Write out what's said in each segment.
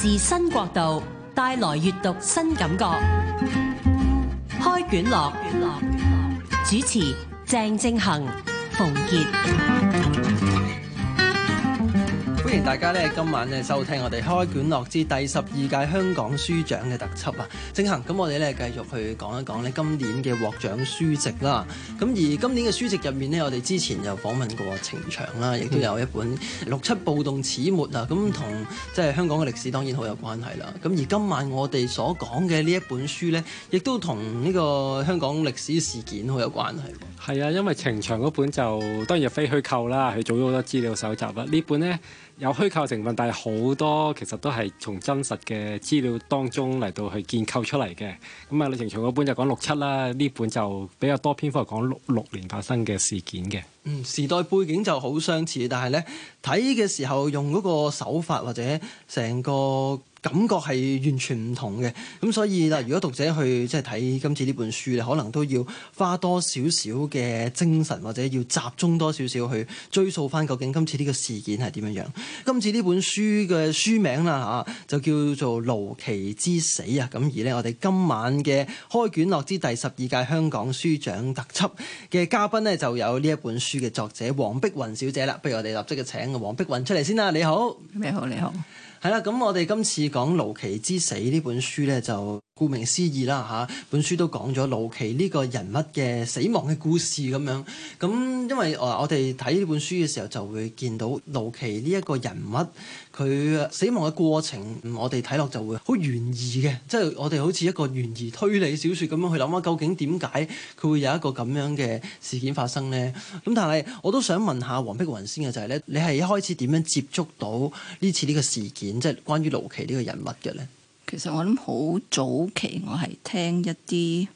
自新角度帶來閱讀新感覺，開卷樂，開卷樂主持鄭正恆、馮傑。歡迎大家咧今晚咧收聽我哋開卷樂之第十二屆香港書獎嘅特輯啊，正恒，咁我哋咧繼續去講一講咧今年嘅獲獎書籍啦。咁而今年嘅書籍入面呢，我哋之前又訪問過程翔啦，亦都有一本《六七暴動始末》啊、嗯。咁同即係香港嘅歷史當然好有關係啦。咁而今晚我哋所講嘅呢一本書呢，亦都同呢個香港歷史事件好有關係。係啊，因為程翔嗰本就當然係非虛構啦，佢做咗好多資料搜集啦。呢本呢。有虛構成分，但係好多其實都係從真實嘅資料當中嚟到去建構出嚟嘅。咁啊，李程祥嗰本就講六七啦，呢本就比較多篇幅係講六六年發生嘅事件嘅。嗯，時代背景就好相似，但係咧，睇嘅時候用嗰個手法或者成個感覺係完全唔同嘅。咁所以嗱，如果讀者去即係睇今次呢本書咧，可能都要花多少少嘅精神或者要集中多少少去追溯翻究竟今次呢個事件係點樣樣。今次呢本書嘅書名啦嚇，就叫做《盧麒之死》啊。咁而呢，我哋今晚嘅開卷樂之第十二屆香港書獎特輯嘅嘉賓呢，就有呢一本書。書嘅作者黃碧雲小姐啦，不如我哋立即嘅請黃碧雲出嚟先啦。你好，你好，你好，你好，係啦。咁我哋今次講《盧麒之死》呢本書咧，就。顧名思義啦，嚇本書都講咗盧麒呢個人物嘅死亡嘅故事咁樣。咁因為我哋睇呢本書嘅時候就會見到盧麒呢一個人物佢死亡嘅過程，我哋睇落就會好懸疑嘅，即係我哋好似一個懸疑推理小説咁樣去諗下，究竟點解佢會有一個咁樣嘅事件發生呢？咁但係我都想問下黃碧雲先嘅就係咧，你係一開始點樣接觸到呢次呢個事件，即係關於盧麒呢個人物嘅咧？其實我諗好早期，我係聽一啲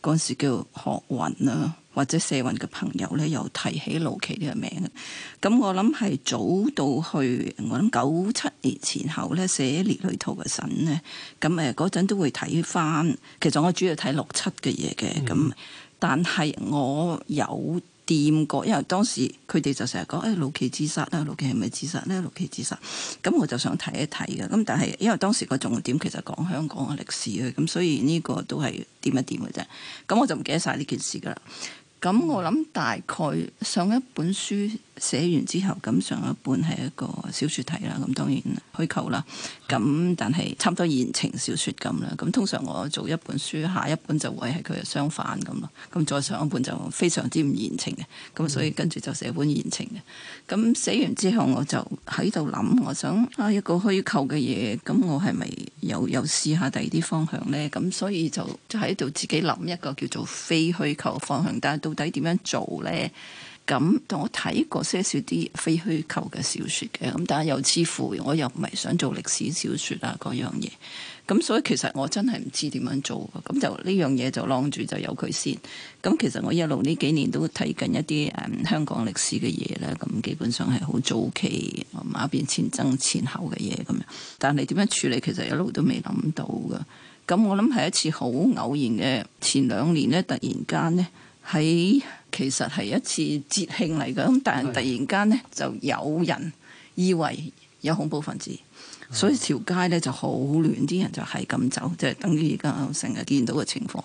嗰時叫學運啦、啊，或者社運嘅朋友咧，又提起盧麒呢個名。咁我諗係早到去，我諗九七年前後咧寫烈女圖嘅神咧，咁誒嗰陣都會睇翻。其實我主要睇六七嘅嘢嘅，咁、嗯、但係我有。掂過，因為當時佢哋就成日講，誒、哎，盧麒自殺啦，盧麒係咪自殺咧？盧麒自殺，咁我就想睇一睇嘅。咁但係因為當時個重點其實講香港嘅歷史啊，咁所以呢個都係掂一掂嘅啫。咁我就唔記得晒呢件事噶啦。咁我諗大概上一本書。寫完之後，咁上一本係一個小説題啦，咁當然虛構啦。咁但係差唔多言情小説咁啦。咁通常我做一本書，下一本就會係佢相反咁咯。咁再上一本就非常之唔言情嘅。咁所以跟住就寫本言情嘅。咁、嗯、寫完之後，我就喺度諗，我想啊一個虛構嘅嘢，咁我係咪又又試下第二啲方向呢？咁所以就就喺度自己諗一個叫做非虛構方向，但係到底點樣做呢？咁，我睇過些少啲非虛構嘅小説嘅，咁但係又似乎我又唔係想做歷史小説啊嗰樣嘢，咁所以其實我真係唔知點樣做，咁就呢樣嘢就晾住就由佢先。咁其實我一路呢幾年都睇緊一啲誒、嗯、香港歷史嘅嘢咧，咁基本上係好早期馬邊前爭前後嘅嘢咁樣，但係點樣處理其實一路都未諗到㗎。咁我諗係一次好偶然嘅，前兩年咧突然間呢。喺。其實係一次節慶嚟嘅，咁但係突然間呢，就有人以為有恐怖分子，的所以條街呢就好亂，啲人就係咁走，即係等於而家成日見到嘅情況。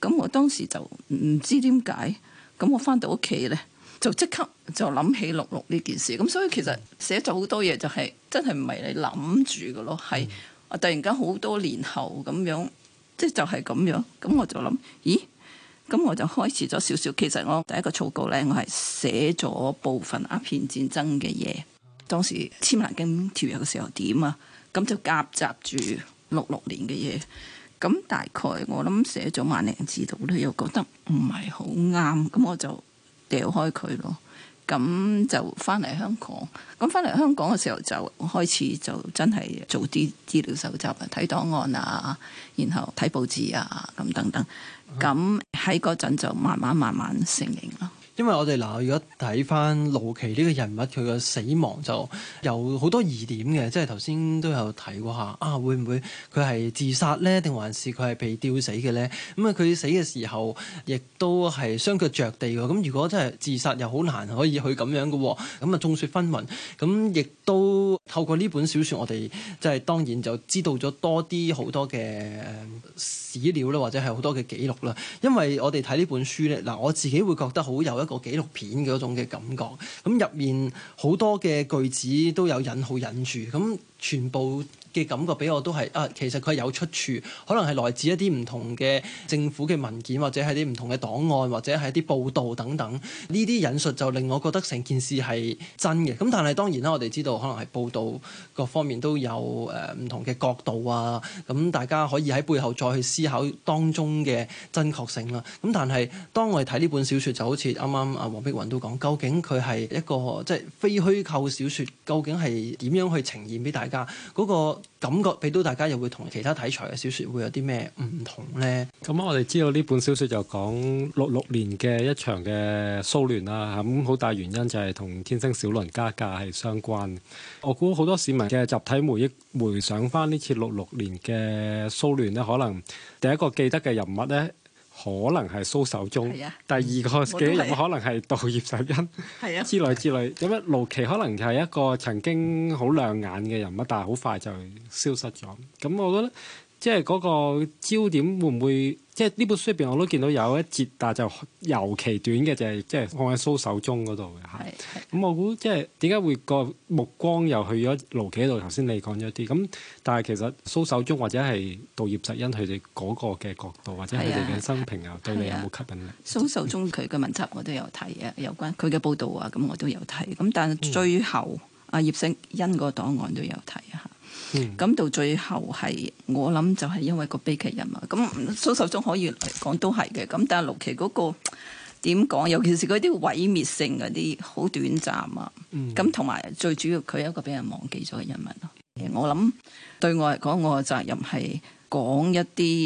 咁我當時就唔知點解，咁我翻到屋企呢，就即刻就諗起六六呢件事，咁所以其實寫咗好多嘢就係真係唔係你諗住嘅咯，係突然間好多年後咁樣，即係就係咁樣。咁我就諗，咦？咁我就開始咗少少，其實我第一個草稿呢，我係寫咗部分鴉片戰爭嘅嘢，當時簽南京條約嘅時候點啊，咁就夾雜住六六年嘅嘢，咁大概我諗寫咗萬零字度咧，又覺得唔係好啱，咁我就掉開佢咯。咁就返嚟香港，咁返嚟香港嘅時候就開始就真係做啲資料搜集啊，睇檔案啊，然後睇報紙啊，咁等等，咁喺嗰陣就慢慢慢慢成形咯。因為我哋嗱，如果睇翻盧麒呢個人物佢嘅死亡就有好多疑點嘅，即係頭先都有睇過下啊，會唔會佢係自殺呢？定還是佢係被吊死嘅呢？咁啊，佢死嘅時候亦都係雙腳着地嘅。咁如果真係自殺，又好難可以去咁樣嘅。咁啊，眾說紛紜。咁亦都透過呢本小説，我哋即係當然就知道咗多啲好多嘅史料啦，或者係好多嘅記錄啦。因為我哋睇呢本書咧，嗱，我自己會覺得好有一個紀錄片嗰種嘅感覺，咁入面好多嘅句子都有引號引住，咁全部。嘅感覺俾我都係啊，其實佢係有出處，可能係來自一啲唔同嘅政府嘅文件，或者係啲唔同嘅檔案，或者係一啲報道等等。呢啲引述就令我覺得成件事係真嘅。咁但係當然啦，我哋知道可能係報道各方面都有誒唔、呃、同嘅角度啊。咁、嗯、大家可以喺背後再去思考當中嘅真確性啦、啊。咁、嗯、但係當我哋睇呢本小説，就好似啱啱啊黃碧雲都講，究竟佢係一個即係、就是、非虛構小説，究竟係點樣去呈現俾大家嗰、那個？感覺俾到大家又會同其他題材嘅小説會有啲咩唔同咧？咁我哋知道呢本小説就講六六年嘅一場嘅騷亂啦，咁好大原因就係同天星小輪加價係相關。我估好多市民嘅集體回憶，回想返呢次六六年嘅騷亂咧，可能第一個記得嘅人物咧。可能係蘇守忠，的第二個嘅人可能係杜葉錫恩，的之類之類。咁樣盧麒可能就係一個曾經好亮眼嘅人物，但係好快就消失咗。咁我覺得。即係嗰個焦點會唔會？即係呢本書入邊我都見到有一節，但就尤其短嘅就係即係放喺蘇守忠嗰度嘅。係，咁我估即係點解會個目光又去咗盧麒度？頭先你講咗啲咁，但係其實蘇守忠或者係杜葉錫恩佢哋嗰個嘅角度，或者佢哋嘅生平啊，對你有冇吸引力？蘇守忠佢嘅文集我都有睇啊，有關佢嘅報導、嗯、啊，咁我都有睇。咁但係最後阿葉錫恩個檔案都有睇一咁、嗯、到最後係我諗就係因為個悲劇人物，咁蘇秀中可以嚟講都係嘅。咁但係盧麒嗰、那個點講？尤其是嗰啲毀滅性嗰啲好短暫啊，咁同埋最主要佢係一個俾人忘記咗嘅人物。我諗對我嚟講，我嘅責任係講一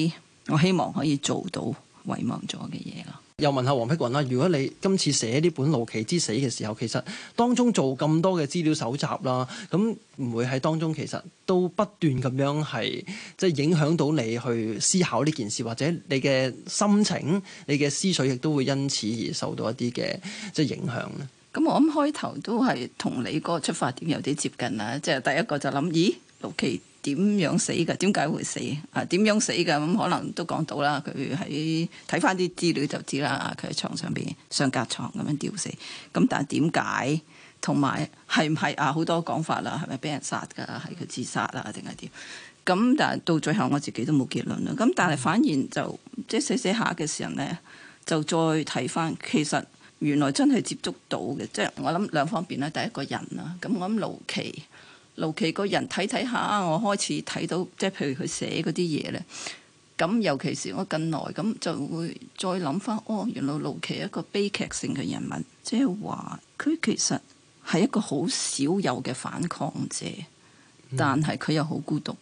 啲我希望可以做到遺忘咗嘅嘢咯。又問下黃碧雲啦，如果你今次寫呢本《盧麒之死》嘅時候，其實當中做咁多嘅資料搜集啦，咁唔會喺當中其實都不斷咁樣係即係影響到你去思考呢件事，或者你嘅心情、你嘅思緒亦都會因此而受到一啲嘅即係影響咧。咁我諗開頭都係同你個出發點有啲接近啦，即係第一個就諗，咦，盧麒。點樣死嘅？點解會死啊？點樣死嘅咁、嗯、可能都講到啦。佢喺睇翻啲資料就知啦。佢、啊、喺床上邊上格床咁樣吊死。咁、嗯、但係點解？同埋係唔係啊？好多講法啦。係咪俾人殺㗎？係佢自殺啊？定係點？咁、嗯、但係到最後我自己都冇結論啦。咁、嗯、但係反而就即係寫寫下嘅時候呢，就再睇翻。其實原來真係接觸到嘅，即、就、係、是、我諗兩方面咧。第一個人啦，咁我諗盧麒。盧奇個人睇睇下，我開始睇到即係，譬如佢寫嗰啲嘢咧。咁尤其是我近耐，咁就會再諗翻哦。原來盧麒係一個悲劇性嘅人物，即係話佢其實係一個好少有嘅反抗者，但係佢又好孤獨。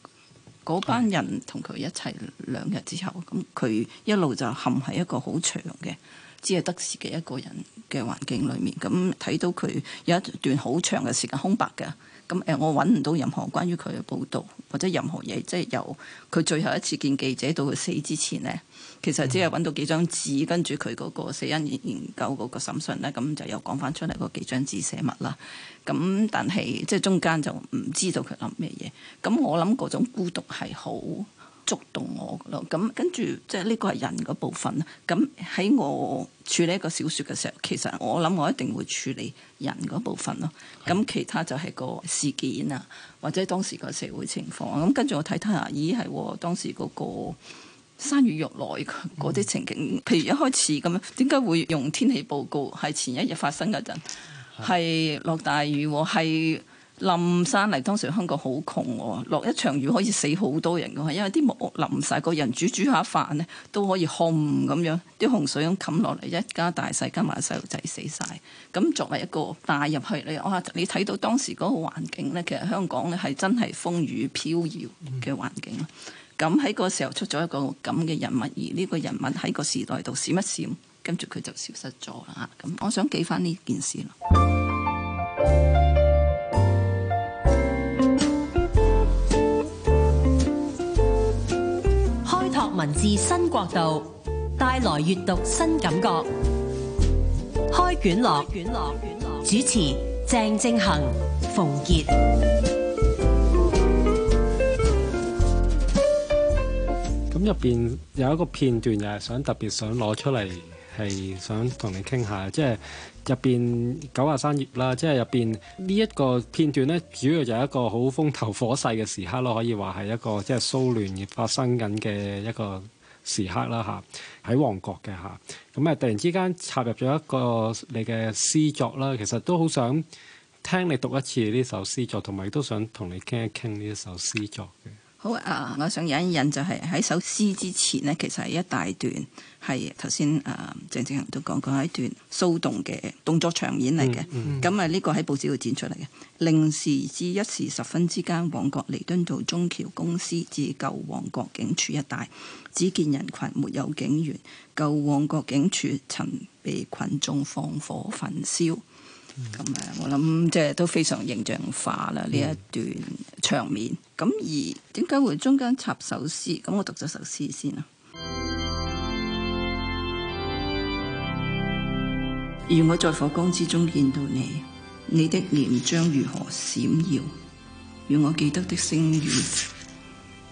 嗰、嗯、班人同佢一齊兩日之後，咁佢一路就陷喺一個好長嘅。只係得自己一個人嘅環境裏面，咁睇到佢有一段好長嘅時間空白嘅，咁誒我揾唔到任何關於佢嘅報道或者任何嘢，即係由佢最後一次見記者到佢死之前呢，其實只係揾到幾張紙，跟住佢嗰個死因研究嗰個審訊呢，咁就又講翻出嚟嗰幾張紙寫乜啦。咁但係即係中間就唔知道佢諗咩嘢。咁我諗嗰種孤獨係好。觸動我咯，咁跟住即係呢個係人嗰部分啦。咁喺我處理一個小説嘅時候，其實我諗我一定會處理人嗰部分咯。咁的其他就係個事件啊，或者當時個社會情況。咁跟住我睇睇下，咦係當時嗰個山雨欲來嗰啲情景。譬、嗯、如一開始咁樣，點解會用天氣報告？係前一日發生嗰陣係落大雨，係？冧山嚟，當時香港好窮喎，落一場雨可以死好多人噶，因為啲木屋冧晒，個人煮煮下飯呢都可以冚咁樣，啲洪水咁冚落嚟，一家大細加埋細路仔死晒。咁作為一個帶入去，你睇到當時嗰個環境呢，其實香港呢係真係風雨飄搖嘅環境。咁喺個時候出咗一個咁嘅人物，而呢個人物喺個時代度閃一閃，跟住佢就消失咗啦。咁我想記翻呢件事啦。文字新國度，帶來閱讀新感覺。開卷樂，主持鄭正恆、馮傑。咁入邊有一個片段，又係想特別想攞出嚟。係想同你傾下，即係入邊九十三頁啦，即係入邊呢一個片段咧，主要就係一個好風頭火勢嘅時刻咯，可以話係一個即係蘇聯發生緊嘅一個時刻啦吓，喺旺角嘅吓，咁啊突然之間插入咗一個你嘅詩作啦，其實都好想聽你讀一次呢首詩作，同埋都想同你傾一傾呢一首詩作嘅。好啊！我想引一引、就是，就係喺首詩之前呢，其實係一大段係頭先啊鄭政恒都講過一段騷動嘅動作場面嚟嘅。咁啊、嗯，呢、嗯、個喺報紙度展出嚟嘅，零時至一時十分之間，旺角彌敦道中僑公司至舊旺角警署一帶，只見人群沒有警員，舊旺角警署曾被群眾放火焚燒，咁啊、嗯，我諗、嗯、即係都非常形象化啦。呢一段場面。嗯嗯咁而點解會中間插首詩？咁我讀咗首詩先啦。若我在火光之中見到你，你的臉將如何閃耀？若我記得的星月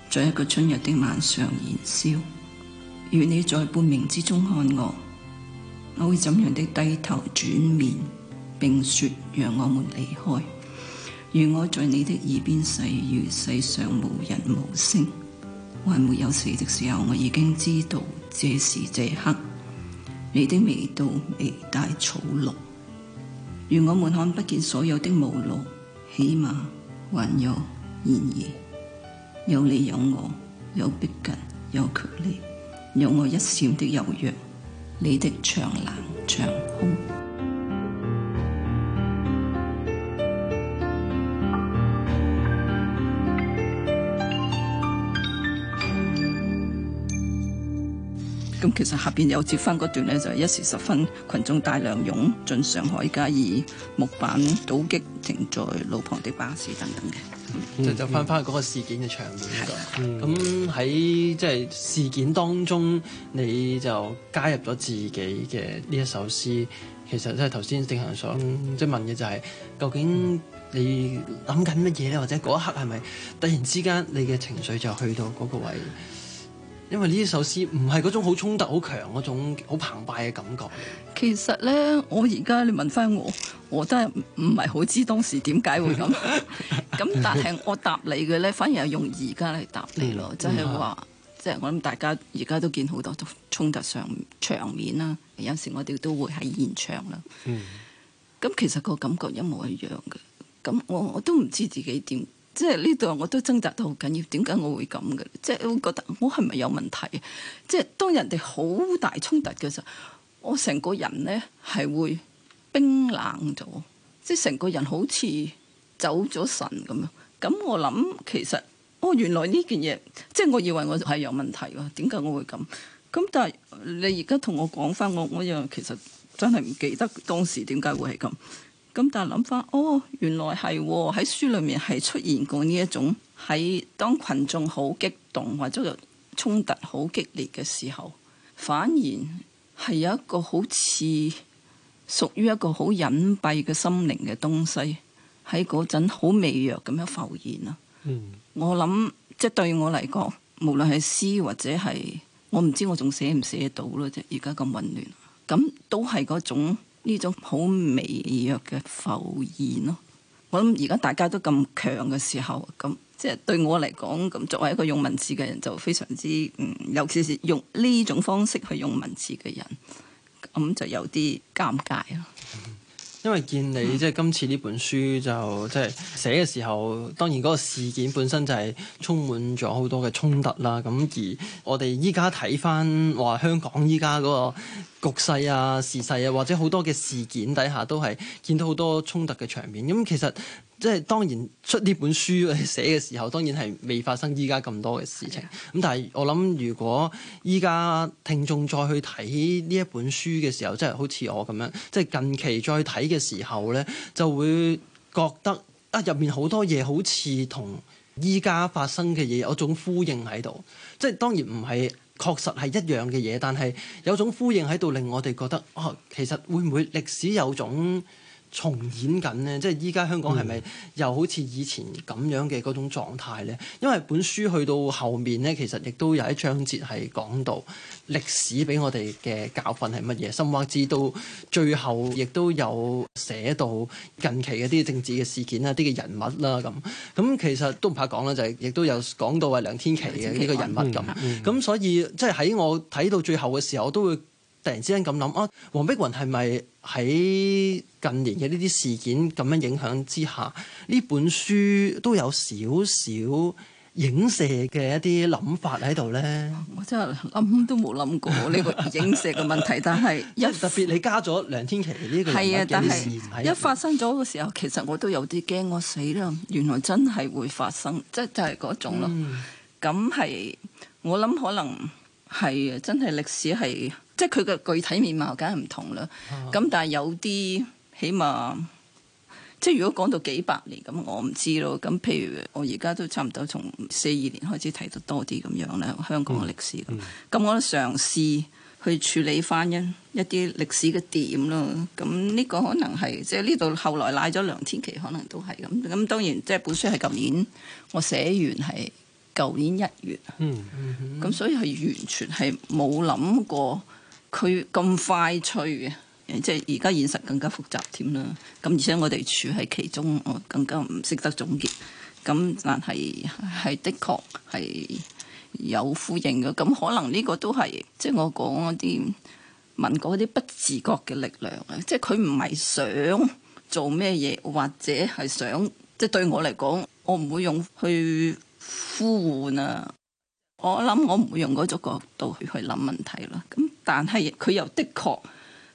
在一個春日的晚上燃燒。若你在半明之中看我，我會怎樣的低頭轉面，並說讓我們離開。如我在你的耳邊細語，世上無人無聲。還沒有死的時候，我已經知道這時這刻你的味道，微帶草綠。如我們看不見所有的無路，起碼還有然而，有你有我，有逼近，有距離，有我一閃的柔弱，你的長冷長空。咁其實下邊有接翻嗰段咧，就係、是、一時十分，群眾大量湧進上海街，以木板倒擊停在路旁的巴士等等嘅，嗯嗯、就就翻翻嗰個事件嘅場面度。咁喺即係事件當中，你就加入咗自己嘅呢一首詩。其實即係頭先定行所即、嗯、問嘅就係、是，究竟你諗緊乜嘢咧？或者嗰一刻係咪突然之間你嘅情緒就去到嗰個位？因為呢一首詩唔係嗰種好衝突、好強嗰種好澎湃嘅感覺。其實咧，我而家你問翻我，我都係唔唔係好知當時點解會咁。咁 但係我答你嘅咧，反而係用而家嚟答你咯，嗯、就係話，即係、嗯、我諗大家而家都見好多衝突上場面啦。有時我哋都會喺現場啦。嗯。咁其實個感覺一模一樣嘅。咁我我都唔知自己點。即係呢度，我都掙扎得好緊要。點解我會咁嘅？即係我覺得我係咪有問題啊？即係當人哋好大衝突嘅時候，我成個人呢係會冰冷咗，即係成個人好似走咗神咁樣。咁我諗其實，哦原來呢件嘢，即係我以為我係有問題㗎。點解我會咁？咁但係你而家同我講返，我我又其實真係唔記得當時點解會係咁。咁但係諗翻，哦，原來係喺、哦、書裏面係出現過呢一種，喺當群眾好激動或者衝突好激烈嘅時候，反而係有一個好似屬於一個好隱蔽嘅心靈嘅東西喺嗰陣好微弱咁樣浮現啦。嗯，我諗即係對我嚟講，無論係詩或者係我唔知我仲寫唔寫到咯啫，而家咁混亂，咁都係嗰種。呢種好微弱嘅浮現咯，我諗而家大家都咁強嘅時候，咁即係對我嚟講，咁作為一個用文字嘅人就非常之嗯，尤其是用呢種方式去用文字嘅人，咁就有啲尷尬咯。因為見你即係今次呢本書就即係寫嘅時候，當然嗰個事件本身就係充滿咗好多嘅衝突啦。咁而我哋依家睇翻話香港依家嗰個局勢啊、時勢啊，或者好多嘅事件底下都係見到好多衝突嘅場面。咁其實即係當然出呢本書寫嘅時候，當然係未發生依家咁多嘅事情。咁的但係我諗，如果依家聽眾再去睇呢一本書嘅時候，即係好似我咁樣，即係近期再睇嘅時候呢，就會覺得啊入面好多嘢好似同依家發生嘅嘢有種呼應喺度。即係當然唔係確實係一樣嘅嘢，但係有種呼應喺度令我哋覺得啊，其實會唔會歷史有種重演緊呢，即係依家香港係咪又好似以前咁樣嘅嗰種狀態呢？因為本書去到後面呢，其實亦都有一章節係講到歷史俾我哋嘅教訓係乜嘢。甚至到最後亦都有寫到近期嘅啲政治嘅事件啦、啲嘅人物啦咁。咁其實都唔怕講啦，就係亦都有講到話梁天琦嘅呢個人物咁。咁所以即係喺我睇到最後嘅時候，我都會。突然之間咁諗啊，黃碧雲係咪喺近年嘅呢啲事件咁樣影響之下，呢本書都有少少影射嘅一啲諗法喺度咧？我真係諗都冇諗過呢個影射嘅問題， 但係一特別你加咗梁天琦呢個人物，啊、事人但事，一發生咗嘅時候，其實我都有啲驚，我死啦！原來真係會發生，即係就係、是、嗰種咯。咁係、嗯、我諗可能。係啊，真係歷史係，即係佢嘅具體面貌梗係唔同啦。咁、啊、但係有啲起碼，即係如果講到幾百年咁，我唔知咯。咁譬如我而家都差唔多從四二年開始睇得多啲咁樣咧，香港嘅歷史。咁、嗯嗯、我都嘗試去處理翻一一啲歷史嘅點咯。咁呢個可能係即係呢度後來賴咗梁天琦，可能都係咁。咁當然即係本書係舊年我寫完係。舊年一月嗯，嗯，咁、嗯、所以係完全係冇諗過佢咁快脆嘅，即係而家現實更加複雜添啦。咁而且我哋處喺其中，我更加唔識得總結。咁但係係的確係有呼應嘅。咁可能呢個都係即係我講嗰啲問嗰啲不自覺嘅力量啊，即係佢唔係想做咩嘢，或者係想即係、就是、對我嚟講，我唔會用去。呼喚啊！我諗我唔會用嗰種角度去去諗問題咯。咁但係佢又的確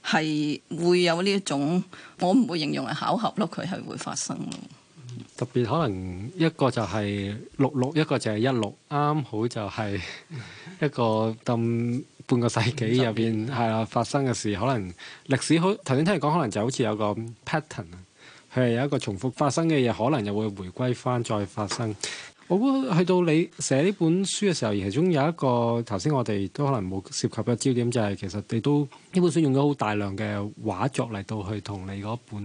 係會有呢一種，我唔會形容為巧合咯。佢係會發生咯，特別可能一個就係六六，一個就係一六，啱好就係一個咁半個世紀入邊係啦發生嘅事。可能歷史好頭先聽你講，可能就好似有個 pattern，佢係有一個重複發生嘅嘢，可能又會回歸翻再發生。我覺得去到你寫呢本書嘅時候，其中有一個頭先我哋都可能冇涉及嘅焦點，就係其實你都呢本書用咗好大量嘅畫作嚟到去同你嗰本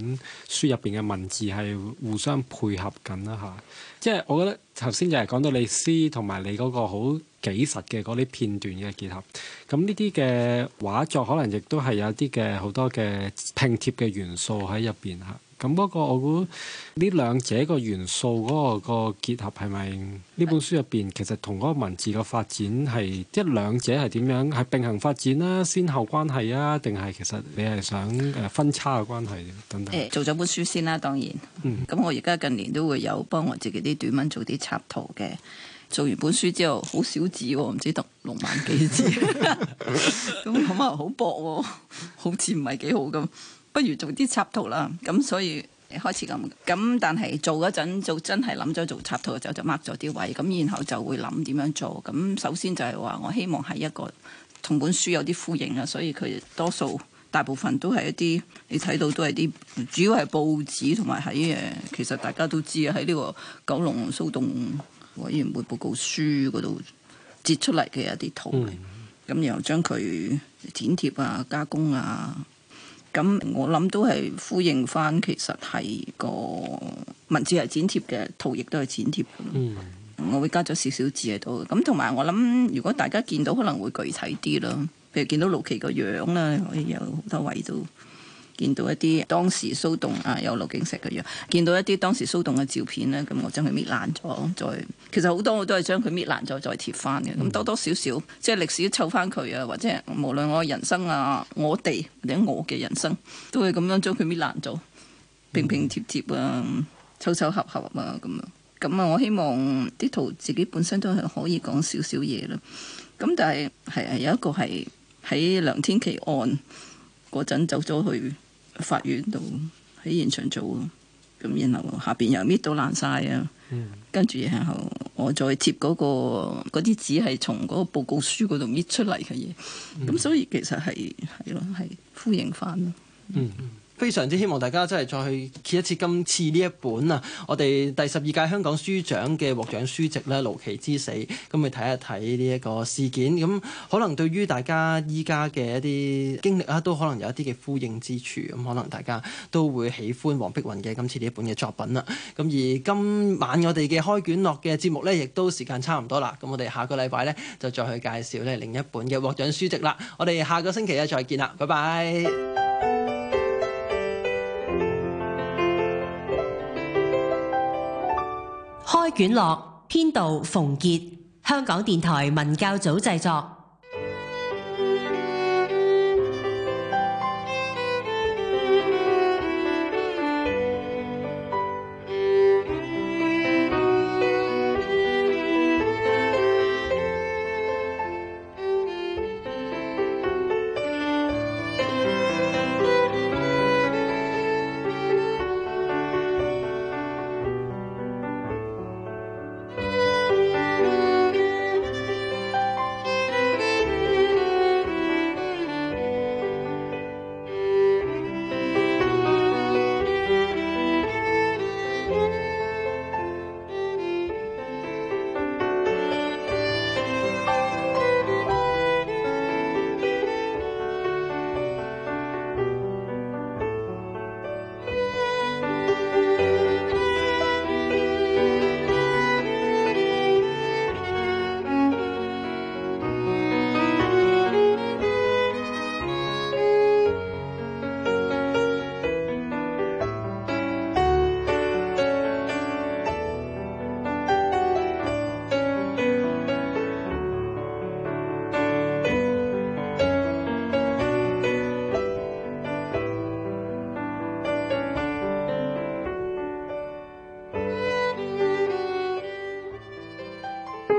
書入邊嘅文字係互相配合緊啦嚇。即係我覺得頭先就係講到你詩同埋你嗰個好紀實嘅嗰啲片段嘅結合，咁呢啲嘅畫作可能亦都係有啲嘅好多嘅拼貼嘅元素喺入邊嚇。咁嗰個我估呢兩者個元素嗰個、個結合係咪呢本書入邊其實同嗰個文字個發展係 一即兩者係點樣係並行發展啦、啊、先後關係啊，定係其實你係想誒分叉嘅關係、啊、等等？誒、欸、做咗本書先啦，當然。嗯。咁我而家近年都會有幫我自己啲短文做啲插圖嘅。做完本書之後，好少字，唔知讀六萬幾字，咁咁啊，好薄喎，好似唔係幾好咁。不如做啲插圖啦，咁所以開始咁。咁但係做嗰陣，就真係諗咗做插圖，就就剝咗啲位，咁然後就會諗點樣做。咁首先就係話，我希望係一個同本書有啲呼應啊，所以佢多數大部分都係一啲你睇到都係啲主要係報紙同埋喺誒，其實大家都知啊喺呢個九龍騷動委員會報告書嗰度截出嚟嘅一啲圖，咁然後將佢剪貼啊、加工啊。咁我諗都係呼應翻，其實係個文字係剪貼嘅，圖亦都係剪貼。嗯，我會加咗少少字喺度。咁同埋我諗，如果大家見到可能會具體啲咯，譬如見到盧麒個樣啦，可以有好多位都。見到一啲當時騷動啊，有路景石嘅樣；見到一啲當時騷動嘅照片呢，咁我將佢搣爛咗，再其實好多我都係將佢搣爛咗再貼翻嘅。咁多多少少即係歷史湊翻佢啊，或者無論我人生啊，我哋或者我嘅人生，都會咁樣將佢搣爛咗，平平貼貼啊，湊湊合合啊咁樣。咁啊，我希望啲圖自己本身都係可以講少少嘢啦。咁但係係係有一個係喺梁天琦案嗰陣走咗去。法院度喺現場做，咁然後下邊又搣到爛晒啊，跟住、mm hmm. 然後我再貼嗰、嗰個嗰啲紙係從嗰個報告書嗰度搣出嚟嘅嘢，咁、mm hmm. 所以其實係係咯，係呼應翻咯。非常之希望大家真係再去揭一次今次呢一本啊，我哋第十二屆香港書獎嘅獲獎書籍咧《盧麒之死》，咁去睇一睇呢一個事件，咁可能對於大家依家嘅一啲經歷啊，都可能有一啲嘅呼應之處，咁可能大家都會喜歡黃碧雲嘅今次呢一本嘅作品啦。咁而今晚我哋嘅開卷樂嘅節目呢，亦都時間差唔多啦。咁我哋下個禮拜呢，就再去介紹呢另一本嘅獲獎書籍啦。我哋下個星期啊再見啦，拜拜。開卷樂編導馮杰，香港電台文教組製作。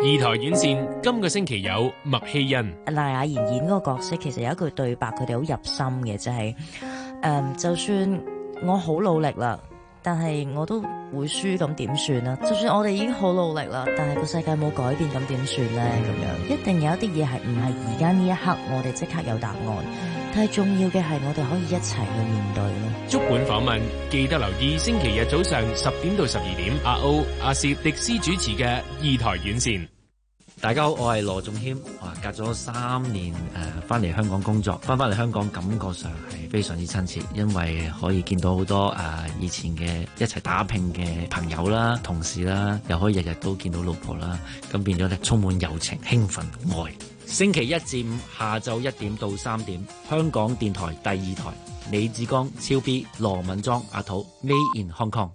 二台院線今、這個星期有麥希恩、賴雅、啊、妍演嗰個角色，其實有一句對白，佢哋好入心嘅，就係、是、誒、呃，就算我好努力啦，但係我都會輸，咁點算啊？就算我哋已經好努力啦，但係個世界冇改變，咁點算呢？咁樣一定有一啲嘢係唔係而家呢一刻我哋即刻有答案，但係重要嘅係我哋可以一齊去面對。足本訪問，記得留意星期日早上十點到十二點，阿歐、阿攝、迪斯主持嘅二台院線。大家好，我係羅仲謙。啊，隔咗三年誒，翻、呃、嚟香港工作，翻翻嚟香港感覺上係非常之親切，因為可以見到好多啊、呃、以前嘅，一齊打拼嘅朋友啦、同事啦，又可以日日都見到老婆啦、咁、呃、變咗咧充滿友情、興奮、愛。星期一至五下晝一點到三點，香港電台第二台，李志剛、超 B、羅敏莊、阿土，Made in Hong Kong。